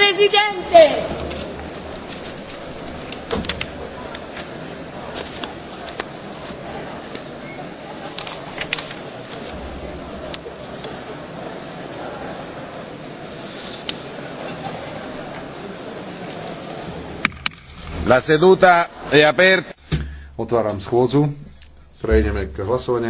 Presidente! La seduta è aperta. Otváram schôdzu. Prejdeme k hlasovaniu.